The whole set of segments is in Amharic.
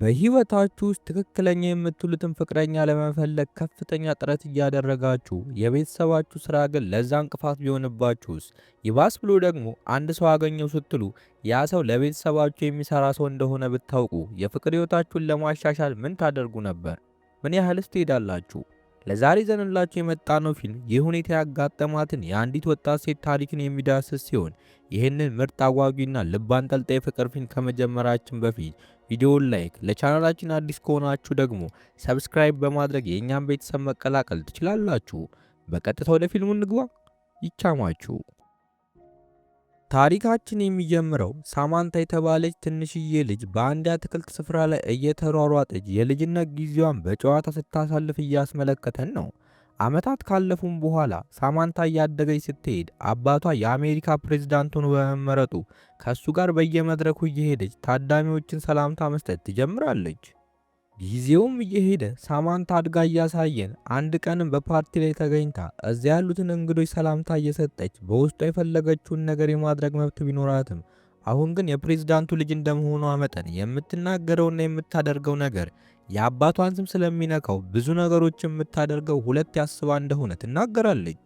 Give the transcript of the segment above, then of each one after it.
በህይወታችሁ ውስጥ ትክክለኛ የምትሉትን ፍቅረኛ ለመፈለግ ከፍተኛ ጥረት እያደረጋችሁ የቤተሰባችሁ ስራ ግን ለዛ እንቅፋት ቢሆንባችሁስ? ይባስ ብሎ ደግሞ አንድ ሰው አገኘው ስትሉ ያ ሰው ለቤተሰባችሁ የሚሰራ ሰው እንደሆነ ብታውቁ የፍቅር ህይወታችሁን ለማሻሻል ምን ታደርጉ ነበር? ምን ያህልስ ትሄዳላችሁ? ለዛሬ ዘንላችሁ የመጣ ነው ፊልም ይህ ሁኔታ ያጋጠማትን የአንዲት ወጣት ሴት ታሪክን የሚዳስስ ሲሆን ይህንን ምርጥ አጓጊና ልብ አንጠልጣይ የፍቅር ፊልም ከመጀመራችን በፊት ቪዲዮውን ላይክ፣ ለቻናላችን አዲስ ከሆናችሁ ደግሞ ሰብስክራይብ በማድረግ የእኛን ቤተሰብ መቀላቀል ትችላላችሁ። በቀጥታ ወደ ፊልሙ እንግባ። ይቻማችሁ ታሪካችን የሚጀምረው ሳማንታ የተባለች ትንሽዬ ልጅ በአንድ አትክልት ስፍራ ላይ እየተሯሯጠች የልጅነት ጊዜዋን በጨዋታ ስታሳልፍ እያስመለከተን ነው። ዓመታት ካለፉም በኋላ ሳማንታ እያደገች ስትሄድ አባቷ የአሜሪካ ፕሬዝዳንቱን በመመረጡ ከእሱ ጋር በየመድረኩ እየሄደች ታዳሚዎችን ሰላምታ መስጠት ትጀምራለች። ጊዜውም እየሄደ ሳማንታ አድጋ እያሳየን፣ አንድ ቀንም በፓርቲ ላይ ተገኝታ እዚያ ያሉትን እንግዶች ሰላምታ እየሰጠች በውስጧ የፈለገችውን ነገር የማድረግ መብት ቢኖራትም አሁን ግን የፕሬዝዳንቱ ልጅ እንደመሆኗ መጠን የምትናገረውና የምታደርገው ነገር የአባቷን ስም ስለሚነካው ብዙ ነገሮች የምታደርገው ሁለት ያስባ እንደሆነ ትናገራለች።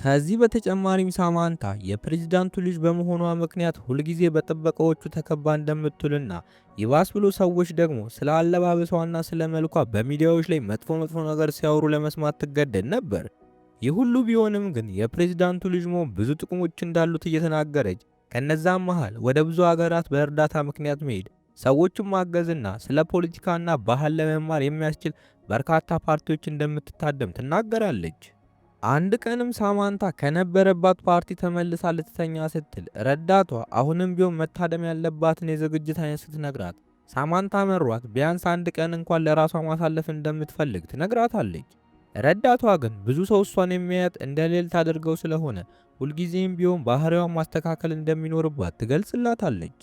ከዚህ በተጨማሪም ሳማንታ የፕሬዝዳንቱ ልጅ በመሆኗ ምክንያት ሁልጊዜ በጥበቃዎቹ ተከባ እንደምትውልና ይባስ ብሎ ሰዎች ደግሞ ስለ አለባበሷና ስለ መልኳ በሚዲያዎች ላይ መጥፎ መጥፎ ነገር ሲያወሩ ለመስማት ትገደድ ነበር። ይህ ሁሉ ቢሆንም ግን የፕሬዝዳንቱ ልጅ መሆን ብዙ ጥቅሞች እንዳሉት እየተናገረች ከነዛም መሃል ወደ ብዙ ሀገራት በእርዳታ ምክንያት መሄድ ሰዎችን ማገዝና ስለ ፖለቲካና ባህል ለመማር የሚያስችል በርካታ ፓርቲዎች እንደምትታደም ትናገራለች። አንድ ቀንም ሳማንታ ከነበረባት ፓርቲ ተመልሳ ልትተኛ ስትል ረዳቷ አሁንም ቢሆን መታደም ያለባትን የዝግጅት አይነት ስትነግራት ሳማንታ መሯት ቢያንስ አንድ ቀን እንኳን ለራሷ ማሳለፍ እንደምትፈልግ ትነግራታለች። ረዳቷ ግን ብዙ ሰው እሷን የሚያያት እንደ ሌል ታደርገው ስለሆነ ሁልጊዜም ቢሆን ባህሪዋን ማስተካከል እንደሚኖርባት ትገልጽላታለች።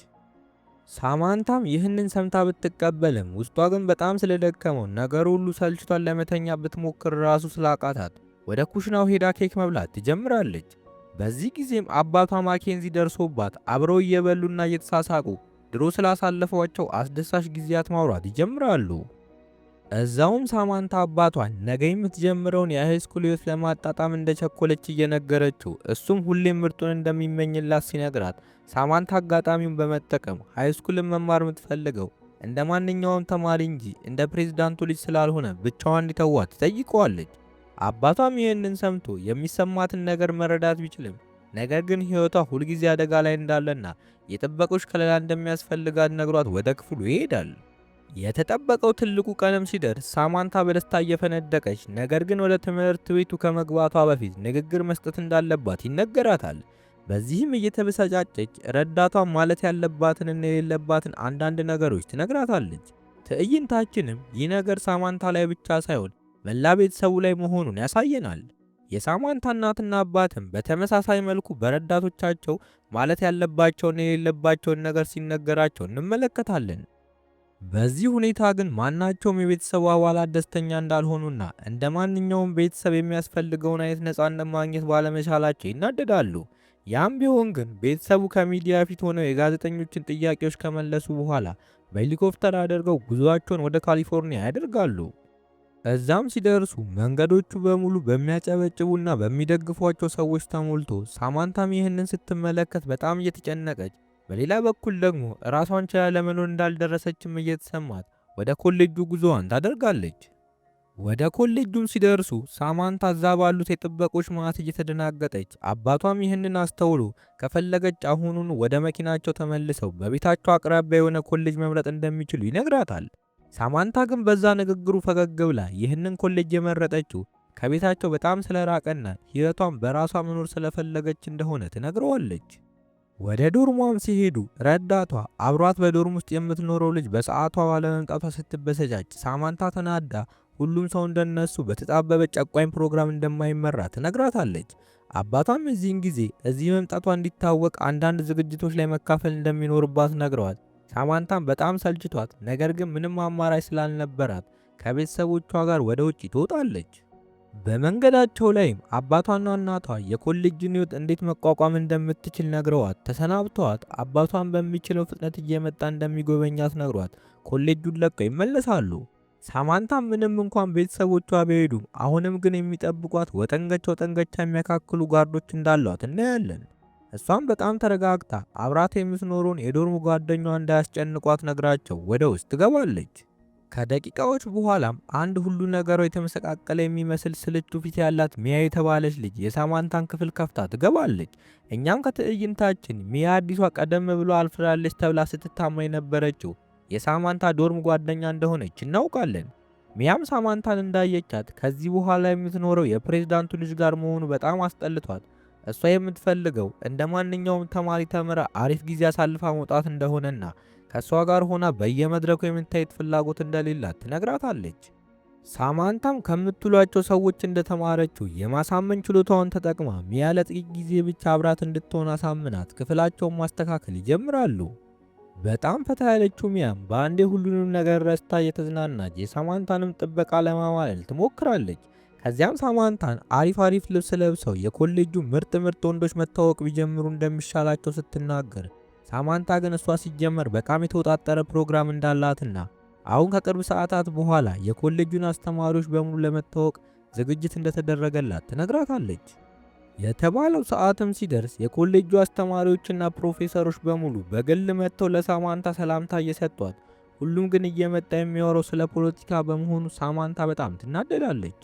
ሳማንታም ይህንን ሰምታ ብትቀበልም ውስጧ ግን በጣም ስለደከመው ነገር ሁሉ ሰልችቷን ለመተኛ ብትሞክር ራሱ ስላቃታት ወደ ኩሽናው ሄዳ ኬክ መብላት ትጀምራለች። በዚህ ጊዜም አባቷ ማኬንዚ ደርሶባት አብረው እየበሉና እየተሳሳቁ ድሮ ስላሳለፏቸው አስደሳች ጊዜያት ማውራት ይጀምራሉ። እዛውም ሳማንታ አባቷን ነገ የምትጀምረውን የሃይስኩል ለማጣጣም እንደቸኮለች እየነገረችው እሱም ሁሌም ምርጡን እንደሚመኝላት ሲነግራት ሳማንታ አጋጣሚውን በመጠቀም ሃይስኩልን መማር የምትፈልገው እንደ ማንኛውም ተማሪ እንጂ እንደ ፕሬዝዳንቱ ልጅ ስላልሆነ ብቻዋን እንዲተዋት ትጠይቀዋለች። አባቷም ይህንን ሰምቶ የሚሰማትን ነገር መረዳት ቢችልም ነገር ግን ሕይወቷ ሁልጊዜ አደጋ ላይ እንዳለና የጠበቆች ከለላ እንደሚያስፈልጋት ነግሯት ወደ ክፍሉ ይሄዳል። የተጠበቀው ትልቁ ቀንም ሲደርስ ሳማንታ በደስታ እየፈነደቀች ነገር ግን ወደ ትምህርት ቤቱ ከመግባቷ በፊት ንግግር መስጠት እንዳለባት ይነገራታል። በዚህም እየተበሳጫጨች ረዳቷ ማለት ያለባትንና የሌለባትን አንዳንድ ነገሮች ትነግራታለች። ትዕይንታችንም ይህ ነገር ሳማንታ ላይ ብቻ ሳይሆን መላ ቤተሰቡ ላይ መሆኑን ያሳየናል። የሳማንታ እናትና አባትም በተመሳሳይ መልኩ በረዳቶቻቸው ማለት ያለባቸውና የሌለባቸውን ነገር ሲነገራቸው እንመለከታለን። በዚህ ሁኔታ ግን ማናቸውም የቤተሰቡ አባላት ደስተኛ እንዳልሆኑና እንደ ማንኛውም ቤተሰብ የሚያስፈልገውን አይነት ነጻነት ማግኘት ባለመቻላቸው ይናደዳሉ። ያም ቢሆን ግን ቤተሰቡ ከሚዲያ ፊት ሆነው የጋዜጠኞችን ጥያቄዎች ከመለሱ በኋላ በሄሊኮፕተር አድርገው ጉዞአቸውን ወደ ካሊፎርኒያ ያደርጋሉ። እዛም ሲደርሱ መንገዶቹ በሙሉ በሚያጨበጭቡና በሚደግፏቸው ሰዎች ተሞልቶ፣ ሳማንታም ይህንን ስትመለከት በጣም እየተጨነቀች፣ በሌላ በኩል ደግሞ ራሷን ችላ ለመኖር እንዳልደረሰችም እየተሰማት ወደ ኮሌጁ ጉዞዋን ታደርጋለች። ወደ ኮሌጁም ሲደርሱ ሳማንታ እዛ ባሉት የጥበቆች መዓት እየተደናገጠች፣ አባቷም ይህንን አስተውሎ ከፈለገች አሁኑን ወደ መኪናቸው ተመልሰው በቤታቸው አቅራቢያ የሆነ ኮሌጅ መምረጥ እንደሚችሉ ይነግራታል። ሳማንታ ግን በዛ ንግግሩ ፈገግ ብላ ይህንን ኮሌጅ የመረጠችው ከቤታቸው በጣም ስለራቀና ሕይወቷን በራሷ መኖር ስለፈለገች እንደሆነ ትነግረዋለች። ወደ ዶርሟም ሲሄዱ ረዳቷ አብሯት በዶርም ውስጥ የምትኖረው ልጅ በሰዓቷ ባለመምጣቷ ስትበሰጫጭ ሳማንታ ተናዳ ሁሉም ሰው እንደነሱ በተጣበበ ጨቋኝ ፕሮግራም እንደማይመራ ትነግራታለች። አባቷም እዚህን ጊዜ እዚህ መምጣቷ እንዲታወቅ አንዳንድ ዝግጅቶች ላይ መካፈል እንደሚኖርባት ነግረዋል። ሳማንታም በጣም ሰልችቷት፣ ነገር ግን ምንም አማራጭ ስላልነበራት ከቤተሰቦቿ ጋር ወደ ውጭ ትወጣለች። በመንገዳቸው ላይም አባቷና እናቷ የኮሌጅን ሕይወት እንዴት መቋቋም እንደምትችል ነግረዋት ተሰናብተዋት አባቷን በሚችለው ፍጥነት እየመጣ እንደሚጎበኛት ነግሯት ኮሌጁን ለቀው ይመለሳሉ። ሳማንታ ምንም እንኳን ቤተሰቦቿ ቢሄዱም አሁንም ግን የሚጠብቋት ወጠንገቻ ወጠንገቻ የሚያካክሉ ጋርዶች እንዳሏት እናያለን። እሷም በጣም ተረጋግታ አብራት የምትኖረውን የዶርሙ ጓደኛ እንዳያስጨንቋት ነግራቸው ወደ ውስጥ ትገባለች። ከደቂቃዎች በኋላም አንድ ሁሉ ነገሯ የተመሰቃቀለ የሚመስል ስልቹ ፊት ያላት ሚያ የተባለች ልጅ የሳማንታን ክፍል ከፍታ ትገባለች። እኛም ከትዕይንታችን ሚያ አዲሷ ቀደም ብሎ አልፍራለች ተብላ ስትታማ የነበረችው የሳማንታ ዶርም ጓደኛ እንደሆነች እናውቃለን። ሚያም ሳማንታን እንዳየቻት ከዚህ በኋላ የምትኖረው የፕሬዝዳንቱ ልጅ ጋር መሆኑ በጣም አስጠልቷት እሷ የምትፈልገው እንደ ማንኛውም ተማሪ ተምራ አሪፍ ጊዜ አሳልፋ መውጣት እንደሆነና ከእሷ ጋር ሆና በየመድረኩ የምታየት ፍላጎት እንደሌላት ትነግራታለች። ሳማንታም ከምትሏቸው ሰዎች እንደተማረችው የማሳመን ችሎታውን ተጠቅማ ሚያ ለጥቂት ጊዜ ብቻ አብራት እንድትሆን አሳምናት ክፍላቸውን ማስተካከል ይጀምራሉ። በጣም ፈታ ያለችው ሚያም በአንዴ ሁሉንም ነገር ረስታ እየተዝናናች የሳማንታንም ጥበቃ ለማማለል ትሞክራለች። ከዚያም ሳማንታን አሪፍ አሪፍ ልብስ ለብሰው የኮሌጁ ምርጥ ምርጥ ወንዶች መታወቅ ቢጀምሩ እንደሚሻላቸው ስትናገር፣ ሳማንታ ግን እሷ ሲጀመር በጣም የተወጣጠረ ፕሮግራም እንዳላትና አሁን ከቅርብ ሰዓታት በኋላ የኮሌጁን አስተማሪዎች በሙሉ ለመታወቅ ዝግጅት እንደተደረገላት ትነግራታለች። የተባለው ሰዓትም ሲደርስ የኮሌጁ አስተማሪዎችና ፕሮፌሰሮች በሙሉ በግል መጥተው ለሳማንታ ሰላምታ እየሰጧት፣ ሁሉም ግን እየመጣ የሚያወራው ስለ ፖለቲካ በመሆኑ ሳማንታ በጣም ትናደዳለች።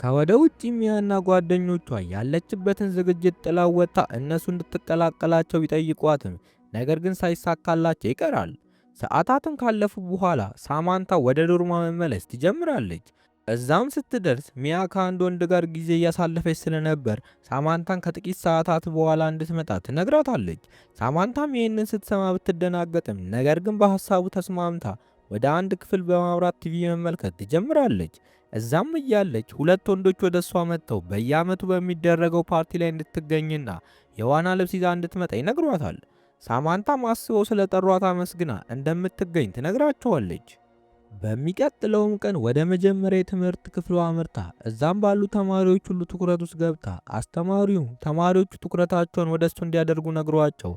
ከወደ ውጭ ሚያና ጓደኞቿ ያለችበትን ዝግጅት ጥላ ወጥታ እነሱ እንድትቀላቀላቸው ቢጠይቋትም ነገር ግን ሳይሳካላቸው ይቀራል። ሰዓታትም ካለፉ በኋላ ሳማንታ ወደ ዶርማ መመለስ ትጀምራለች። እዛም ስትደርስ ሚያ ከአንድ ወንድ ጋር ጊዜ እያሳለፈች ስለነበር ሳማንታን ከጥቂት ሰዓታት በኋላ እንድትመጣ ትነግራታለች። ሳማንታም ይህንን ስትሰማ ብትደናገጥም ነገር ግን በሀሳቡ ተስማምታ ወደ አንድ ክፍል በማብራት ቲቪ መመልከት ትጀምራለች። እዛም እያለች ሁለት ወንዶች ወደ እሷ መጥተው በየዓመቱ በሚደረገው ፓርቲ ላይ እንድትገኝና የዋና ልብስ ይዛ እንድትመጣ ይነግሯታል። ሳማንታም አስበው ስለ ጠሯት አመስግና እንደምትገኝ ትነግራቸዋለች። በሚቀጥለውም ቀን ወደ መጀመሪያ የትምህርት ክፍሉ አምርታ እዛም ባሉ ተማሪዎች ሁሉ ትኩረት ውስጥ ገብታ አስተማሪው ተማሪዎቹ ትኩረታቸውን ወደ እሱ እንዲያደርጉ ነግሯቸው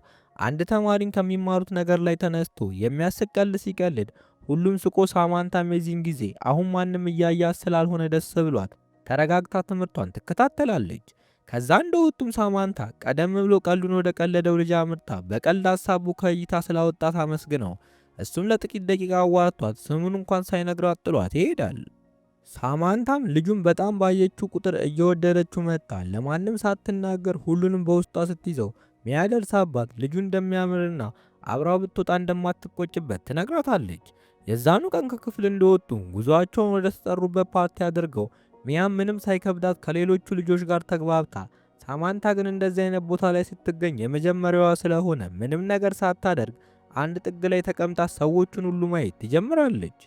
አንድ ተማሪን ከሚማሩት ነገር ላይ ተነስቶ የሚያስቀል ሲቀልድ ሁሉም ስቆ ሳማንታ ሜዚን ጊዜ አሁን ማንም እያያት ስላልሆነ ደስ ብሏት ተረጋግታ ትምህርቷን ትከታተላለች። ከዛ እንደወጡም ሳማንታ ቀደም ብሎ ቀልዱን ወደ ቀለደው ልጅ አምርታ በቀልድ ሀሳቡ ከእይታ ስላወጣት አመስግነው እሱም ለጥቂት ደቂቃ አዋቷት ስሙን እንኳን ሳይነግራት ጥሏት ይሄዳል። ሳማንታም ልጁን በጣም ባየችው ቁጥር እየወደደችው መጣ። ለማንም ሳትናገር ሁሉንም በውስጧ ስትይዘው ሚያደርሳባት ልጁ እንደሚያምርና አብራው ብትወጣ እንደማትቆጭበት ትነግራታለች። የዛኑ ቀን ከክፍል እንደወጡ ጉዞአቸውን ወደ ተጠሩበት ፓርቲ አድርገው ሚያም ምንም ሳይከብዳት ከሌሎቹ ልጆች ጋር ተግባብታ ሳማንታ ግን እንደዚህ አይነት ቦታ ላይ ስትገኝ የመጀመሪያዋ ስለሆነ ምንም ነገር ሳታደርግ አንድ ጥግ ላይ ተቀምጣ ሰዎቹን ሁሉ ማየት ትጀምራለች።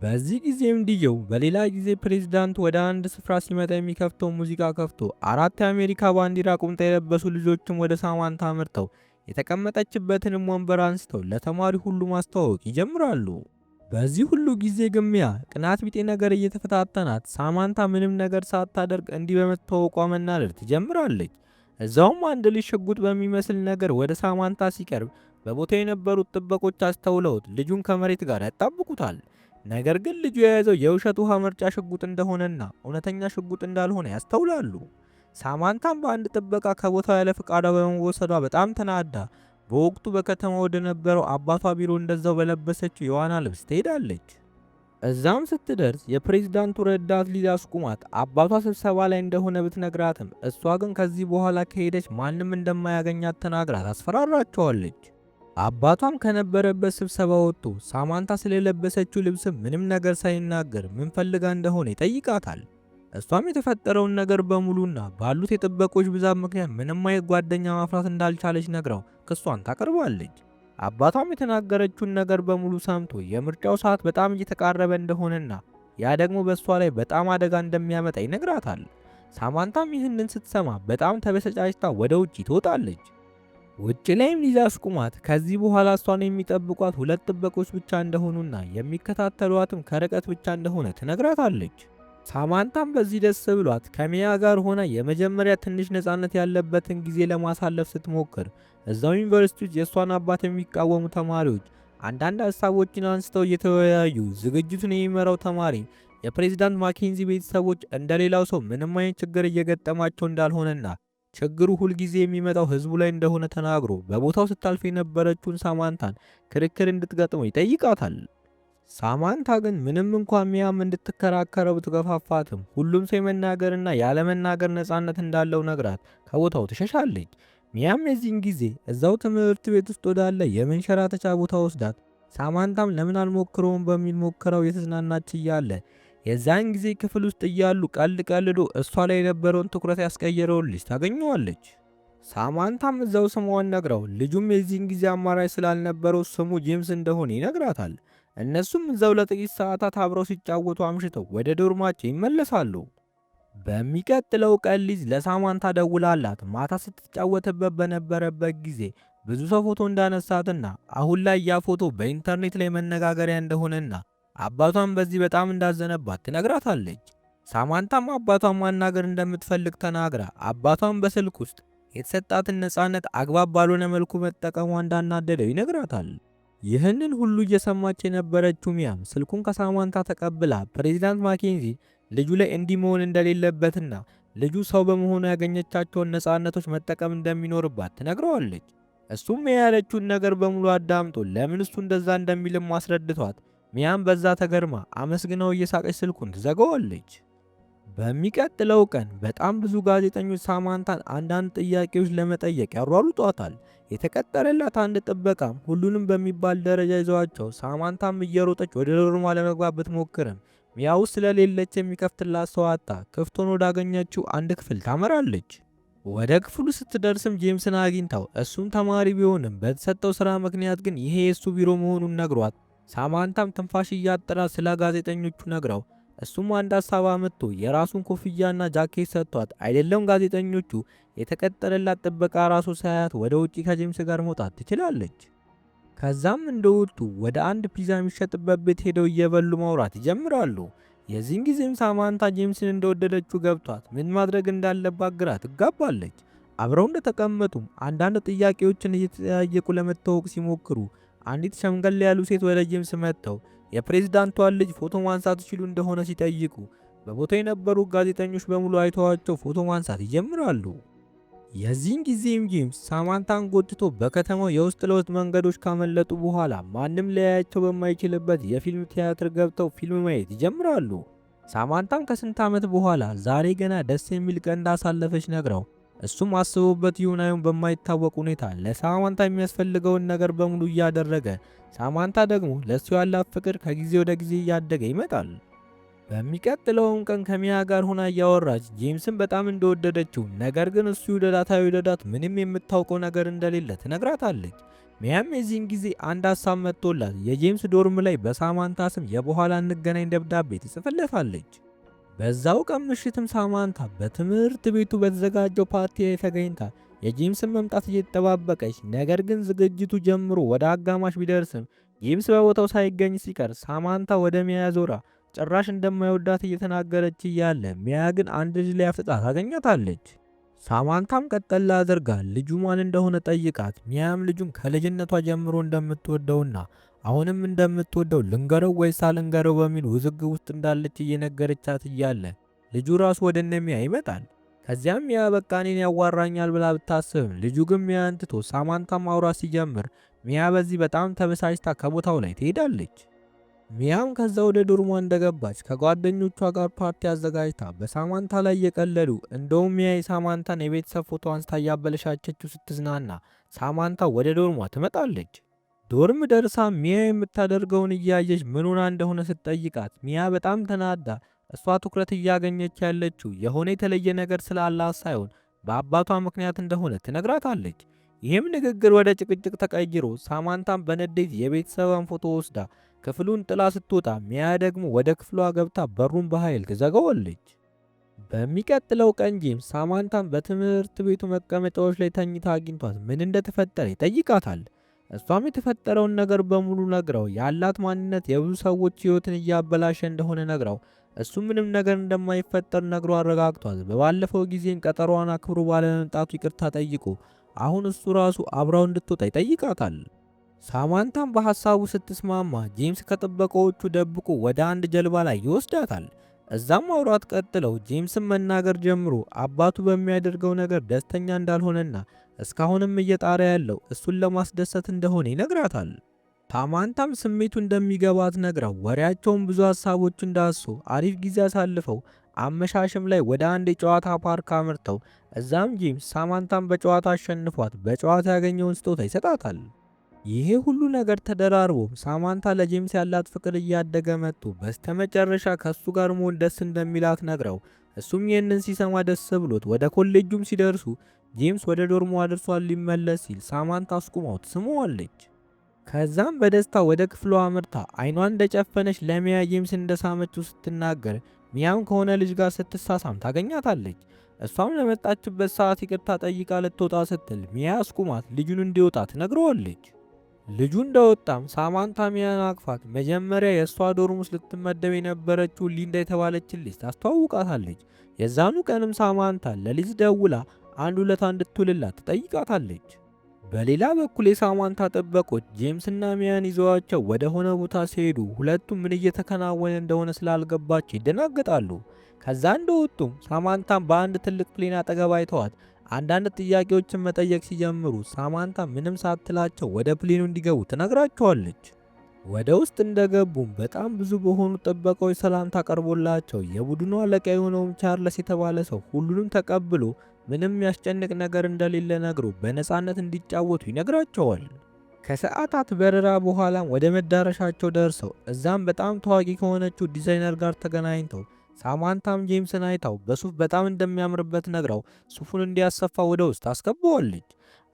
በዚህ ጊዜም ዲጄው በሌላ ጊዜ ፕሬዚዳንት ወደ አንድ ስፍራ ሲመጣ የሚከፍተው ሙዚቃ ከፍቶ አራት የአሜሪካ ባንዲራ ቁምጣ የለበሱ ልጆችም ወደ ሳማንታ አምርተው የተቀመጠችበትንም ወንበር አንስተው ለተማሪ ሁሉ ማስተዋወቅ ይጀምራሉ። በዚህ ሁሉ ጊዜ ግሚያ ቅናት ቢጤ ነገር እየተፈታተናት ሳማንታ ምንም ነገር ሳታደርግ እንዲህ በመተዋወቋ መናደር ትጀምራለች። እዛውም አንድ ልጅ ሽጉጥ በሚመስል ነገር ወደ ሳማንታ ሲቀርብ በቦታ የነበሩት ጥበቆች አስተውለውት ልጁን ከመሬት ጋር ያጣብቁታል። ነገር ግን ልጁ የያዘው የውሸት ውሃ መርጫ ሽጉጥ እንደሆነና እውነተኛ ሽጉጥ እንዳልሆነ ያስተውላሉ። ሳማንታም በአንድ ጥበቃ ከቦታው ያለ ፈቃዷ በመወሰዷ በጣም ተናዳ በወቅቱ በከተማ ወደ ነበረው አባቷ ቢሮ እንደዛው በለበሰችው የዋና ልብስ ትሄዳለች። እዛም ስትደርስ የፕሬዝዳንቱ ረዳት ሊዛ አስቁማት አባቷ ስብሰባ ላይ እንደሆነ ብትነግራትም እሷ ግን ከዚህ በኋላ ከሄደች ማንም እንደማያገኛት ተናግራት አስፈራራቸዋለች። አባቷም ከነበረበት ስብሰባ ወጥቶ ሳማንታ ስለለበሰችው ልብስ ምንም ነገር ሳይናገር ምን ፈልጋ እንደሆነ ይጠይቃታል። እሷም የተፈጠረውን ነገር በሙሉና ባሉት የጥበቆች ብዛት ምክንያት ምንም አይነት ጓደኛ ማፍራት እንዳልቻለች ነግራው ክሷን ታቀርባለች። አባቷም የተናገረችውን ነገር በሙሉ ሰምቶ የምርጫው ሰዓት በጣም እየተቃረበ እንደሆነና ያ ደግሞ በእሷ ላይ በጣም አደጋ እንደሚያመጣ ይነግራታል። ሳማንታም ይህንን ስትሰማ በጣም ተበሰጫጭታ ወደ ውጭ ትወጣለች። ውጭ ላይም ሊዛ ከዚህ በኋላ እሷን የሚጠብቋት ሁለት ጥበቆች ብቻ እንደሆኑና የሚከታተሏትም ከርቀት ብቻ እንደሆነ ትነግራታለች። ሳማንታም በዚህ ደስ ብሏት ከሚያ ጋር ሆና የመጀመሪያ ትንሽ ነፃነት ያለበትን ጊዜ ለማሳለፍ ስትሞክር እዛው ዩኒቨርሲቲ ውስጥ የእሷን አባት የሚቃወሙ ተማሪዎች አንዳንድ ሀሳቦችን አንስተው እየተወያዩ ዝግጅቱን የሚመራው ተማሪ የፕሬዚዳንት ማኬንዚ ቤተሰቦች እንደሌላው ሰው ምንም አይነት ችግር እየገጠማቸው እንዳልሆነና ችግሩ ሁልጊዜ የሚመጣው ህዝቡ ላይ እንደሆነ ተናግሮ በቦታው ስታልፍ የነበረችውን ሳማንታን ክርክር እንድትገጥመው ይጠይቃታል። ሳማንታ ግን ምንም እንኳን ሚያም እንድትከራከረው ብትገፋፋትም ሁሉም ሰው የመናገርና ያለመናገር ነፃነት እንዳለው ነግራት ከቦታው ትሸሻለች። ሚያም የዚህን ጊዜ እዛው ትምህርት ቤት ውስጥ ወዳለ የመንሸራተቻ ቦታ ወስዳት ሳማንታም ለምን አልሞክረውም በሚል ሞክረው የተዝናናች እያለ የዛን ጊዜ ክፍል ውስጥ እያሉ ቀልድ ቀልዶ እሷ ላይ የነበረውን ትኩረት ያስቀየረውን ልጅ ታገኘዋለች። ሳማንታም እዛው ስሟን ነግረው ልጁም የዚህን ጊዜ አማራጭ ስላልነበረው ስሙ ጄምስ እንደሆነ ይነግራታል። እነሱም እዛው ለጥቂት ሰዓታት አብረው ሲጫወቱ አምሽተው ወደ ዶርማቸው ይመለሳሉ። በሚቀጥለው ቀን ሊዝ ለሳማንታ ደውላላት ማታ ስትጫወትበት በነበረበት ጊዜ ብዙ ሰው ፎቶ እንዳነሳትና አሁን ላይ ያ ፎቶ በኢንተርኔት ላይ መነጋገሪያ እንደሆነና አባቷም በዚህ በጣም እንዳዘነባት ትነግራታለች። ሳማንታም አባቷን ማናገር እንደምትፈልግ ተናግራ አባቷን በስልክ ውስጥ የተሰጣትን ነፃነት አግባብ ባልሆነ መልኩ መጠቀሟ እንዳናደደው ይነግራታል። ይህንን ሁሉ እየሰማች የነበረችው ሚያም ስልኩን ከሳማንታ ተቀብላ ፕሬዚዳንት ማኬንዚ ልጁ ላይ እንዲህ መሆን እንደሌለበትና ልጁ ሰው በመሆኑ ያገኘቻቸውን ነፃነቶች መጠቀም እንደሚኖርባት ትነግረዋለች። እሱም የያለችውን ነገር በሙሉ አዳምጦ ለምን እሱ እንደዛ እንደሚልም አስረድቷት ሚያም በዛ ተገርማ አመስግነው እየሳቀች ስልኩን ትዘጋዋለች። በሚቀጥለው ቀን በጣም ብዙ ጋዜጠኞች ሳማንታን አንዳንድ ጥያቄዎች ለመጠየቅ ያሯሩጧታል። የተቀጠረላት አንድ ጥበቃም ሁሉንም በሚባል ደረጃ ይዘዋቸው፣ ሳማንታም እየሮጠች ወደ ዶርማ ለመግባት ብትሞክርም ሚያው ስለሌለች የሚከፍትላት ሰው አጣ። ክፍቱን ወዳገኘችው አንድ ክፍል ታመራለች። ወደ ክፍሉ ስትደርስም ጄምስን አግኝታው እሱም ተማሪ ቢሆንም በተሰጠው ስራ ምክንያት ግን ይሄ የሱ ቢሮ መሆኑን ነግሯት ሳማንታም ትንፋሽ እያጠራ ስለ ጋዜጠኞቹ ነግረው እሱም አንድ ሀሳብ አመጥቶ የራሱን ኮፍያና ጃኬት ሰጥቷት፣ አይደለም ጋዜጠኞቹ የተቀጠረላት ጥበቃ ራሱ ሳያት ወደ ውጪ ከጄምስ ጋር መውጣት ትችላለች። ከዛም እንደወጡ ወደ አንድ ፒዛ የሚሸጥበት ቤት ሄደው እየበሉ ማውራት ይጀምራሉ። የዚህን ጊዜም ሳማንታ ጄምስን እንደወደደችው ገብቷት ምን ማድረግ እንዳለባት ግራ ትጋባለች። አብረው እንደተቀመጡም አንዳንድ ጥያቄዎችን እየተጠያየቁ ለመታወቅ ሲሞክሩ አንዲት ሸምገል ያሉ ሴት ወደ ጂምስ መጥተው የፕሬዝዳንቷን ልጅ ፎቶ ማንሳት ይችሉ እንደሆነ ሲጠይቁ በቦታው የነበሩ ጋዜጠኞች በሙሉ አይተዋቸው ፎቶ ማንሳት ይጀምራሉ። የዚህን ጊዜም ጂምስ ሳማንታን ጎትቶ በከተማው የውስጥ ለውስጥ መንገዶች ካመለጡ በኋላ ማንም ሊያያቸው በማይችልበት የፊልም ቲያትር ገብተው ፊልም ማየት ይጀምራሉ። ሳማንታም ከስንት ዓመት በኋላ ዛሬ ገና ደስ የሚል ቀን እንዳሳለፈች ነግረው እሱም አስቦበት ይሁን አይሁን በማይታወቅ ሁኔታ ለሳማንታ የሚያስፈልገውን ነገር በሙሉ እያደረገ፣ ሳማንታ ደግሞ ለእሱ ያላት ፍቅር ከጊዜ ወደ ጊዜ እያደገ ይመጣል። በሚቀጥለውም ቀን ከሚያ ጋር ሆና እያወራች ጄምስን በጣም እንደወደደችው ነገር ግን እሱ ይውደዳታ ይውደዳት ምንም የምታውቀው ነገር እንደሌለ ትነግራታለች። ሚያም የዚህን ጊዜ አንድ ሀሳብ መጥቶላት የጄምስ ዶርም ላይ በሳማንታ ስም የበኋላ እንገናኝ ደብዳቤ ትጽፍለታለች። በዛው ቀን ምሽትም ሳማንታ በትምህርት ቤቱ በተዘጋጀው ፓርቲ ተገኝታ የጂምስን መምጣት እየተጠባበቀች ነገር ግን ዝግጅቱ ጀምሮ ወደ አጋማሽ ቢደርስም ጂምስ በቦታው ሳይገኝ ሲቀር ሳማንታ ወደ ሚያ ዞራ ጭራሽ እንደማይወዳት እየተናገረች እያለ ሚያ ግን አንድ ልጅ ላይ ታገኛታለች። ሳማንታም ቀጠል አድርጋ ልጁ ማን እንደሆነ ጠይቃት ሚያም ልጁን ከልጅነቷ ጀምሮ እንደምትወደውና አሁንም እንደምትወደው ልንገረው ወይስ ሳልንገረው በሚል ውዝግብ ውስጥ እንዳለች እየነገረቻት እያለ ልጁ ራሱ ወደ እነ ሚያ ይመጣል። ከዚያም ሚያ በቃ እኔን ያዋራኛል ብላ ብታስብም ልጁ ግን ሚያን ትቶ ሳማንታ ማውራት ሲጀምር ሚያ በዚህ በጣም ተበሳጭታ ከቦታው ላይ ትሄዳለች። ሚያም ከዛ ወደ ዶርሟ እንደገባች ከጓደኞቿ ጋር ፓርቲ አዘጋጅታ በሳማንታ ላይ የቀለዱ እንደውም ሚያ የሳማንታን የቤተሰብ ፎቶ አንስታ እያበለሻቸችው ስትዝናና ሳማንታ ወደ ዶርሟ ትመጣለች። ዶርም ደርሳ ሚያ የምታደርገውን እያየች ምኑና እንደሆነ ስትጠይቃት ሚያ በጣም ተናዳ እሷ ትኩረት እያገኘች ያለችው የሆነ የተለየ ነገር ስላላት ሳይሆን በአባቷ ምክንያት እንደሆነ ትነግራታለች። ይህም ንግግር ወደ ጭቅጭቅ ተቀይሮ ሳማንታም በንዴት የቤተሰቧን ፎቶ ወስዳ ክፍሉን ጥላ ስትወጣ ሚያ ደግሞ ወደ ክፍሏ ገብታ በሩን በኃይል ትዘጋዋለች። በሚቀጥለው ቀን ጂም ሳማንታን በትምህርት ቤቱ መቀመጫዎች ላይ ተኝታ አግኝቷት ምን እንደተፈጠረ ይጠይቃታል። እሷም የተፈጠረውን ነገር በሙሉ ነግረው ያላት ማንነት የብዙ ሰዎች ሕይወትን እያበላሸ እንደሆነ ነግረው እሱ ምንም ነገር እንደማይፈጠር ነግሮ አረጋግቷል። በባለፈው ጊዜም ቀጠሯን አክብሮ ባለመምጣቱ ይቅርታ ጠይቆ አሁን እሱ ራሱ አብራው እንድትወጣ ይጠይቃታል። ሳማንታም በሐሳቡ ስትስማማ ጄምስ ከጥበቃዎቹ ደብቆ ወደ አንድ ጀልባ ላይ ይወስዳታል። እዛም አውራት ቀጥለው ጄምስን መናገር ጀምሮ አባቱ በሚያደርገው ነገር ደስተኛ እንዳልሆነና እስካሁንም እየጣረ ያለው እሱን ለማስደሰት እንደሆነ ይነግራታል። ታማንታም ስሜቱ እንደሚገባት ነግረው ወሬያቸውን ብዙ ሀሳቦች እንዳሱ አሪፍ ጊዜ አሳልፈው አመሻሽም ላይ ወደ አንድ የጨዋታ ፓርክ አምርተው እዛም ጂም ሳማንታን በጨዋታ አሸንፏት በጨዋታ ያገኘውን ስጦታ ይሰጣታል። ይሄ ሁሉ ነገር ተደራርቦ ሳማንታ ለጄምስ ያላት ፍቅር እያደገ መጡ። በስተመጨረሻ ከሱ ጋር መሆን ደስ እንደሚላት ነግረው እሱም ይህንን ሲሰማ ደስ ብሎት ወደ ኮሌጁም ሲደርሱ ጄምስ ወደ ዶርሟ አድርሷል ሊመለስ ሲል ሳማንታ አስቁማው ትስመዋለች። ከዛም በደስታ ወደ ክፍሏ አምርታ አይኗን እንደጨፈነች ለሚያ ጄምስ እንደሳመችው ስትናገር ሚያም ከሆነ ልጅ ጋር ስትሳሳም ታገኛታለች። እሷም ለመጣችበት ሰዓት ይቅርታ ጠይቃ ልትወጣ ስትል ሚያ አስቁማት ልጁን እንዲወጣ ትነግረዋለች። ልጁ እንደወጣም ሳማንታ ሚያን አቅፋት መጀመሪያ የእሷ ዶርም ውስጥ ልትመደብ የነበረችው ሊንዳ የተባለችን ልጅ ታስተዋውቃታለች። የዛኑ ቀንም ሳማንታ ለሊዝ ደውላ አንድ ውለታ እንድትውልላት ትጠይቃታለች። በሌላ በኩል የሳማንታ ጠበቆች ጄምስና ሚያን ይዘዋቸው ወደ ሆነ ቦታ ሲሄዱ ሁለቱም ምን እየተከናወነ እንደሆነ ስላልገባቸው ይደናገጣሉ። ከዛ እንደወጡም ሳማንታን በአንድ ትልቅ ፕሌን አጠገብ አይተዋት አንዳንድ ጥያቄዎችን መጠየቅ ሲጀምሩ ሳማንታ ምንም ሳትላቸው ወደ ፕሌኑ እንዲገቡ ትነግራቸዋለች። ወደ ውስጥ እንደገቡም በጣም ብዙ በሆኑ ጥበቃዎች ሰላምታ ቀርቦላቸው የቡድኑ አለቃ የሆነውም ቻርለስ የተባለ ሰው ሁሉንም ተቀብሎ ምንም ያስጨንቅ ነገር እንደሌለ ነግሮ በነፃነት እንዲጫወቱ ይነግራቸዋል። ከሰዓታት በረራ በኋላም ወደ መዳረሻቸው ደርሰው እዛም በጣም ታዋቂ ከሆነችው ዲዛይነር ጋር ተገናኝተው ሳማንታም ጄምስን አይታው በሱፍ በጣም እንደሚያምርበት ነግራው ሱፉን እንዲያሰፋ ወደ ውስጥ አስገባዋለች።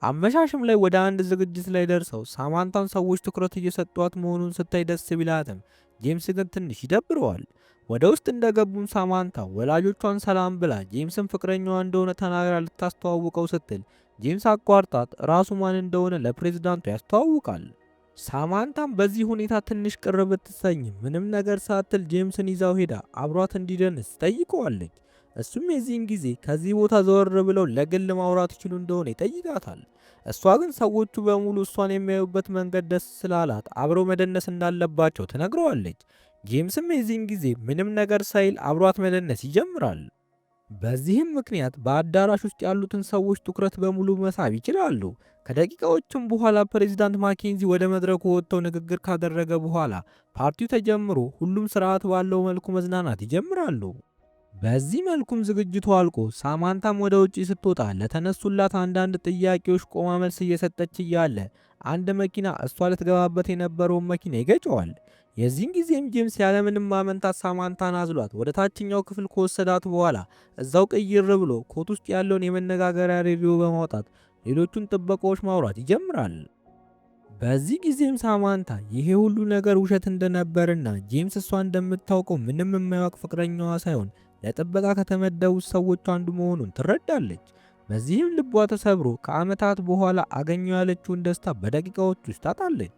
አመሻሽም ላይ ወደ አንድ ዝግጅት ላይ ደርሰው ሳማንታም ሰዎች ትኩረት እየሰጧት መሆኑን ስታይ ደስ ቢላትም ጄምስ ግን ትንሽ ይደብረዋል። ወደ ውስጥ እንደገቡም ሳማንታ ወላጆቿን ሰላም ብላ ጄምስን ፍቅረኛዋ እንደሆነ ተናግራ ልታስተዋውቀው ስትል ጄምስ አቋርጣት ራሱ ማን እንደሆነ ለፕሬዝዳንቱ ያስተዋውቃል። ሳማንታም በዚህ ሁኔታ ትንሽ ቅር ብትሰኝ ምንም ነገር ሳትል ጄምስን ይዛው ሄዳ አብሯት እንዲደንስ ጠይቀዋለች። እሱም የዚህን ጊዜ ከዚህ ቦታ ዘወር ብለው ለግል ማውራት ይችሉ እንደሆነ ይጠይቃታል። እሷ ግን ሰዎቹ በሙሉ እሷን የሚያዩበት መንገድ ደስ ስላላት አብረው መደነስ እንዳለባቸው ትነግረዋለች። ጄምስም የዚህን ጊዜ ምንም ነገር ሳይል አብሯት መደነስ ይጀምራል። በዚህም ምክንያት በአዳራሽ ውስጥ ያሉትን ሰዎች ትኩረት በሙሉ መሳብ ይችላሉ። ከደቂቃዎችም በኋላ ፕሬዚዳንት ማኬንዚ ወደ መድረኩ ወጥተው ንግግር ካደረገ በኋላ ፓርቲው ተጀምሮ ሁሉም ስርዓት ባለው መልኩ መዝናናት ይጀምራሉ። በዚህ መልኩም ዝግጅቱ አልቆ ሳማንታም ወደ ውጪ ስትወጣ ለተነሱላት አንዳንድ ጥያቄዎች ቆማ መልስ እየሰጠች እያለ አንድ መኪና እሷ ልትገባበት የነበረውን መኪና ይገጨዋል። የዚህን ጊዜም ጄምስ ያለምንም ማመንታት ሳማንታን አዝሏት ወደ ታችኛው ክፍል ከወሰዳት በኋላ እዛው ቅይር ብሎ ኮት ውስጥ ያለውን የመነጋገሪያ ሬዲዮ በማውጣት ሌሎቹን ጥበቃዎች ማውራት ይጀምራል። በዚህ ጊዜም ሳማንታ ይሄ ሁሉ ነገር ውሸት እንደነበርና ጄምስ እሷ እንደምታውቀው ምንም የማያውቅ ፍቅረኛዋ ሳይሆን ለጥበቃ ከተመደቡት ሰዎች አንዱ መሆኑን ትረዳለች። በዚህም ልቧ ተሰብሮ ከዓመታት በኋላ አገኘው ያለችውን ደስታ በደቂቃዎች ውስጥ ታጣለች።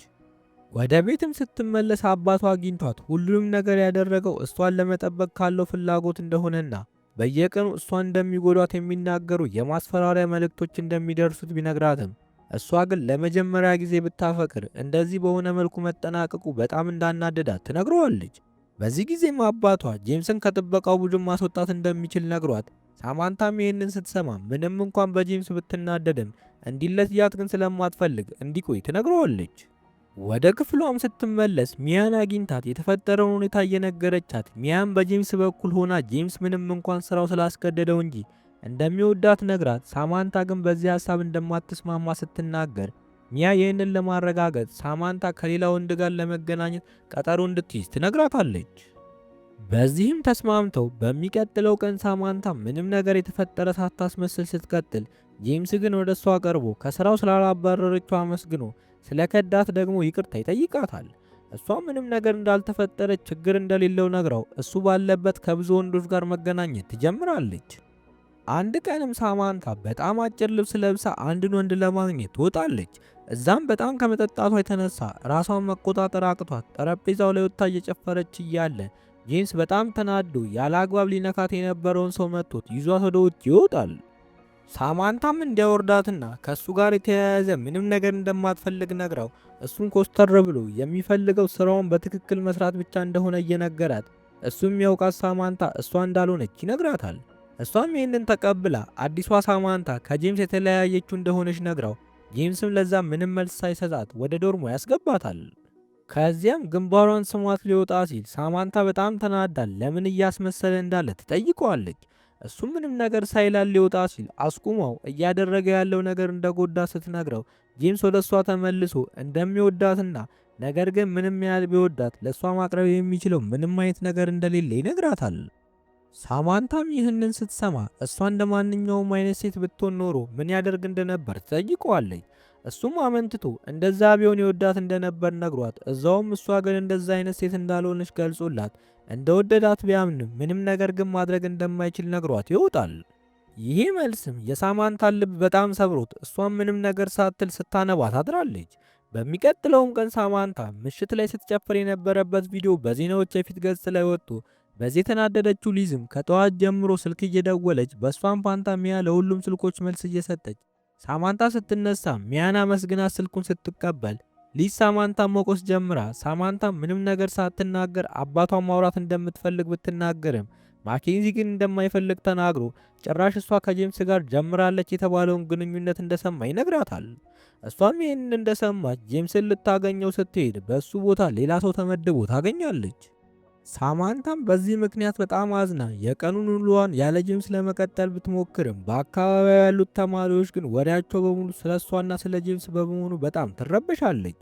ወደ ቤትም ስትመለስ አባቷ አግኝቷት ሁሉንም ነገር ያደረገው እሷን ለመጠበቅ ካለው ፍላጎት እንደሆነና በየቀኑ እሷን እንደሚጎዷት የሚናገሩ የማስፈራሪያ መልእክቶች እንደሚደርሱት ቢነግራትም እሷ ግን ለመጀመሪያ ጊዜ ብታፈቅር እንደዚህ በሆነ መልኩ መጠናቀቁ በጣም እንዳናደዳት ትነግረዋለች። በዚህ ጊዜም አባቷ ጄምስን ከጥበቃው ቡድን ማስወጣት እንደሚችል ነግሯት፣ ሳማንታም ይህንን ስትሰማ ምንም እንኳን በጄምስ ብትናደድም እንዲለያት ግን ስለማትፈልግ እንዲቆይ ትነግረዋለች። ወደ ክፍሏም ስትመለስ ሚያን አግኝታት የተፈጠረውን ሁኔታ እየነገረቻት ሚያን በጄምስ በኩል ሆና ጄምስ ምንም እንኳን ስራው ስላስገደደው እንጂ እንደሚወዳት ነግራት፣ ሳማንታ ግን በዚህ ሀሳብ እንደማትስማማ ስትናገር ሚያ ይህንን ለማረጋገጥ ሳማንታ ከሌላ ወንድ ጋር ለመገናኘት ቀጠሮ እንድትይዝ ትነግራታለች። በዚህም ተስማምተው በሚቀጥለው ቀን ሳማንታ ምንም ነገር የተፈጠረ ሳታስመስል ስትቀጥል፣ ጄምስ ግን ወደ እሷ ቀርቦ ከስራው ስላላባረረችው አመስግኖ ስለ ከዳት ደግሞ ይቅርታ ይጠይቃታል። እሷ ምንም ነገር እንዳልተፈጠረች ችግር እንደሌለው ነግረው እሱ ባለበት ከብዙ ወንዶች ጋር መገናኘት ትጀምራለች። አንድ ቀንም ሳማንታ በጣም አጭር ልብስ ለብሳ አንድን ወንድ ለማግኘት ትወጣለች። እዛም በጣም ከመጠጣቷ የተነሳ ራሷን መቆጣጠር አቅቷት ጠረጴዛው ላይ ወጥታ እየጨፈረች እያለ ጄምስ በጣም ተናዶ ያለ አግባብ ሊነካት የነበረውን ሰው መቶት ይዟት ወደ ውጭ ይወጣል። ሳማንታም እንዲያወርዳትና ከእሱ ጋር የተያያዘ ምንም ነገር እንደማትፈልግ ነግረው እሱም ኮስተር ብሎ የሚፈልገው ስራውን በትክክል መስራት ብቻ እንደሆነ እየነገራት እሱም ያውቃት ሳማንታ እሷ እንዳልሆነች ይነግራታል። እሷም ይህንን ተቀብላ አዲሷ ሳማንታ ከጄምስ የተለያየችው እንደሆነች ነግረው ጄምስም ለዛ ምንም መልስ ሳይሰጣት ወደ ዶርሞ ያስገባታል። ከዚያም ግንባሯን ስሟት ሊወጣ ሲል ሳማንታ በጣም ተናዳል ለምን እያስመሰለ እንዳለ ትጠይቀዋለች። እሱ ምንም ነገር ሳይላል ሊወጣ ሲል አስቁመው እያደረገ ያለው ነገር እንደጎዳ ስትነግረው ጄምስ ወደ እሷ ተመልሶ እንደሚወዳትና ነገር ግን ምንም ያህል ቢወዳት ለእሷ ማቅረብ የሚችለው ምንም አይነት ነገር እንደሌለ ይነግራታል። ሳማንታም ይህንን ስትሰማ እሷ እንደ ማንኛውም አይነት ሴት ብትሆን ኖሮ ምን ያደርግ እንደነበር ትጠይቀዋለች። እሱም አመንትቶ እንደዛ ቢሆን የወዳት እንደነበር ነግሯት፣ እዛውም እሷ ግን እንደዛ አይነት ሴት እንዳልሆነች ገልጾላት እንደወደዳት ቢያምንም ምንም ነገር ግን ማድረግ እንደማይችል ነግሯት ይወጣል። ይሄ መልስም የሳማንታን ልብ በጣም ሰብሮት እሷም ምንም ነገር ሳትል ስታነባ ታድራለች። በሚቀጥለውም ቀን ሳማንታ ምሽት ላይ ስትጨፍር የነበረበት ቪዲዮ በዜናዎች የፊት ገጽ ላይ ወጥቶ በዚህ የተናደደችው ሊዝም ከጠዋት ጀምሮ ስልክ እየደወለች በእሷን ፋንታ ሚያ ለሁሉም ስልኮች መልስ እየሰጠች ሳማንታ ስትነሳ ሚያና መስግና ስልኩን ስትቀበል ሊዝ ሳማንታ መቆስ ጀምራ ሳማንታ ምንም ነገር ሳትናገር አባቷን ማውራት እንደምትፈልግ ብትናገርም ማኬንዚ ግን እንደማይፈልግ ተናግሮ ጭራሽ እሷ ከጄምስ ጋር ጀምራለች የተባለውን ግንኙነት እንደሰማ ይነግራታል። እሷም ይህን እንደሰማች ጄምስን ልታገኘው ስትሄድ በእሱ ቦታ ሌላ ሰው ተመድቦ ታገኛለች። ሳማንታም በዚህ ምክንያት በጣም አዝና የቀኑን ውሏን ያለ ጄምስ ለመቀጠል ብትሞክርም በአካባቢው ያሉት ተማሪዎች ግን ወሬያቸው በሙሉ ስለ እሷና ስለ ጄምስ በመሆኑ በጣም ትረብሻለች።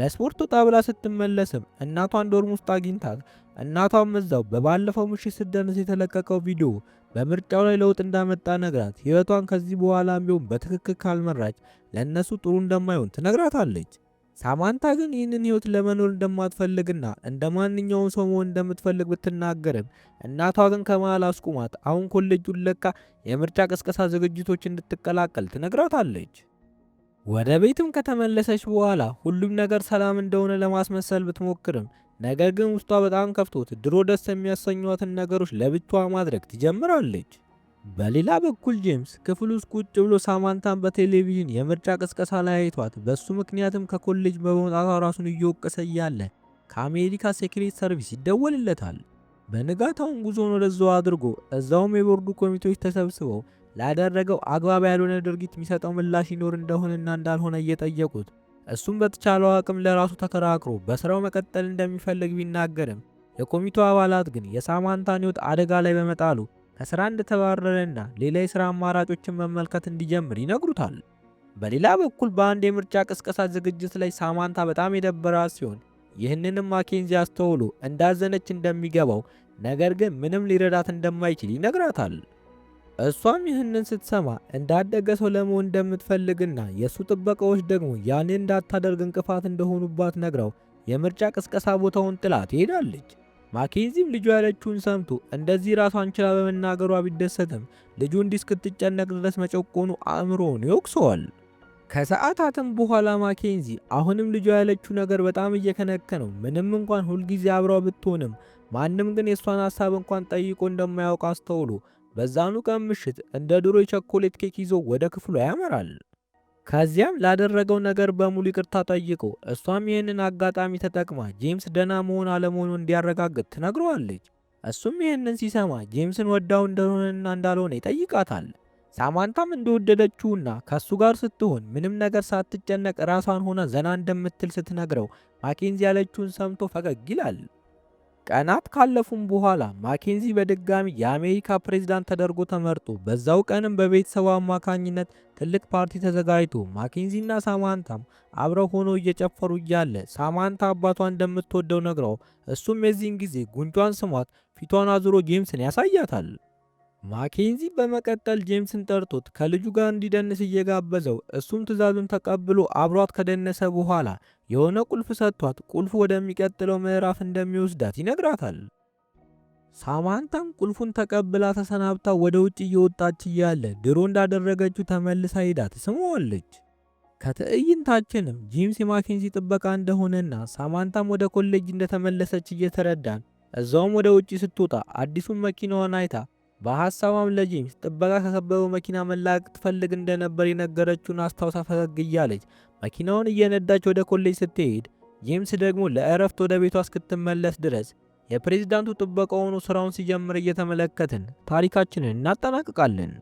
ለስፖርት ወጣ ብላ ስትመለስም እናቷን ዶርም ውስጥ አግኝታት እናቷም እዛው በባለፈው ምሽት ስደንስ የተለቀቀው ቪዲዮ በምርጫው ላይ ለውጥ እንዳመጣ ነግራት ህይወቷን ከዚህ በኋላ ቢሆን በትክክል ካልመራች ለእነሱ ጥሩ እንደማይሆን ትነግራታለች። ሳማንታ ግን ይህንን ህይወት ለመኖር እንደማትፈልግና እንደ ማንኛውም ሰው መሆን እንደምትፈልግ ብትናገርም እናቷ ግን ከመሃል አስቁማት አሁን ኮሌጁን ለቃ የምርጫ ቅስቀሳ ዝግጅቶች እንድትቀላቀል ትነግራታለች። ወደ ቤትም ከተመለሰች በኋላ ሁሉም ነገር ሰላም እንደሆነ ለማስመሰል ብትሞክርም ነገር ግን ውስጧ በጣም ከፍቶት ድሮ ደስ የሚያሰኟትን ነገሮች ለብቻዋ ማድረግ ትጀምራለች። በሌላ በኩል ጄምስ ክፍል ውስጥ ቁጭ ብሎ ሳማንታን በቴሌቪዥን የምርጫ ቅስቀሳ ላይ አይቷት በሱ ምክንያትም ከኮሌጅ በመውጣቷ ራሱን እየወቀሰ እያለ ከአሜሪካ ሴክሬት ሰርቪስ ይደወልለታል። በንጋታውን ጉዞን ወደዛው አድርጎ እዛውም የቦርዱ ኮሚቴዎች ተሰብስበው ላደረገው አግባብ ያልሆነ ድርጊት የሚሰጠው ምላሽ ይኖር እንደሆነና እንዳልሆነ እየጠየቁት እሱም በተቻለው አቅም ለራሱ ተከራክሮ በስራው መቀጠል እንደሚፈልግ ቢናገርም የኮሚቴው አባላት ግን የሳማንታን ህይወት አደጋ ላይ በመጣሉ ከስራ እንደተባረረና ሌላ የስራ አማራጮችን መመልከት እንዲጀምር ይነግሩታል። በሌላ በኩል በአንድ የምርጫ ቅስቀሳ ዝግጅት ላይ ሳማንታ በጣም የደበራት ሲሆን ይህንንም ማኬንዚ አስተውሎ እንዳዘነች እንደሚገባው ነገር ግን ምንም ሊረዳት እንደማይችል ይነግራታል። እሷም ይህንን ስትሰማ እንዳደገ ሰው ለመሆን እንደምትፈልግና የእሱ ጥበቃዎች ደግሞ ያንን እንዳታደርግ እንቅፋት እንደሆኑባት ነግረው የምርጫ ቅስቀሳ ቦታውን ጥላ ትሄዳለች። ማኬንዚም ልጁ ያለችውን ሰምቶ እንደዚህ ራሷን ችላ በመናገሯ ቢደሰትም ልጁ እንዲህ እስክትጨነቅ ድረስ መጨቆኑ አእምሮውን ይወቅሰዋል። ከሰዓታትም በኋላ ማኬንዚ አሁንም ልጇ ያለችው ነገር በጣም እየከነከነው ምንም እንኳን ሁልጊዜ አብረው ብትሆንም ማንም ግን የእሷን ሀሳብ እንኳን ጠይቆ እንደማያውቅ አስተውሎ በዛኑ ቀን ምሽት እንደ ድሮ የቸኮሌት ኬክ ይዞ ወደ ክፍሉ ያመራል። ከዚያም ላደረገው ነገር በሙሉ ይቅርታ ጠይቆ እሷም ይህንን አጋጣሚ ተጠቅማ ጄምስ ደና መሆን አለመሆኑ እንዲያረጋግጥ ትነግረዋለች። እሱም ይህንን ሲሰማ ጄምስን ወዳው እንደሆነና እንዳልሆነ ይጠይቃታል። ሳማንታም እንደወደደችውና ከሱ ጋር ስትሆን ምንም ነገር ሳትጨነቅ ራሷን ሆና ዘና እንደምትል ስትነግረው ማኬንዚ ያለችውን ሰምቶ ፈገግ ይላል። ቀናት ካለፉም በኋላ ማኬንዚ በድጋሚ የአሜሪካ ፕሬዝዳንት ተደርጎ ተመርጦ በዛው ቀንም በቤተሰቡ አማካኝነት ትልቅ ፓርቲ ተዘጋጅቶ ማኬንዚና ሳማንታም አብረው ሆኖ እየጨፈሩ እያለ ሳማንታ አባቷ እንደምትወደው ነግረው እሱም የዚህን ጊዜ ጉንጯን ስሟት ፊቷን አዙሮ ጄምስን ያሳያታል። ማኬንዚ በመቀጠል ጄምስን ጠርቶት ከልጁ ጋር እንዲደንስ እየጋበዘው እሱም ትዕዛዙን ተቀብሎ አብሯት ከደነሰ በኋላ የሆነ ቁልፍ ሰጥቷት ቁልፉ ወደሚቀጥለው ምዕራፍ እንደሚወስዳት ይነግራታል። ሳማንታም ቁልፉን ተቀብላ ተሰናብታ ወደ ውጭ እየወጣች እያለ ድሮ እንዳደረገችው ተመልሳ ሄዳ ትስመዋለች። ከትዕይንታችንም ጂምስ የማኬንዚ ጥበቃ እንደሆነና ሳማንታም ወደ ኮሌጅ እንደተመለሰች እየተረዳን እዛውም ወደ ውጭ ስትወጣ አዲሱን መኪናዋን አይታ በሐሳቧም ለጂምስ ጥበቃ ከከበበው መኪና መላቅ ትፈልግ እንደነበር የነገረችውን አስታውሳ ፈገግ እያለች መኪናውን እየነዳች ወደ ኮሌጅ ስትሄድ ጄምስ ደግሞ ለእረፍት ወደ ቤቷ እስክትመለስ ድረስ የፕሬዚዳንቱ ጥበቃ ሆኖ ስራውን ሲጀምር እየተመለከትን ታሪካችንን እናጠናቅቃለን።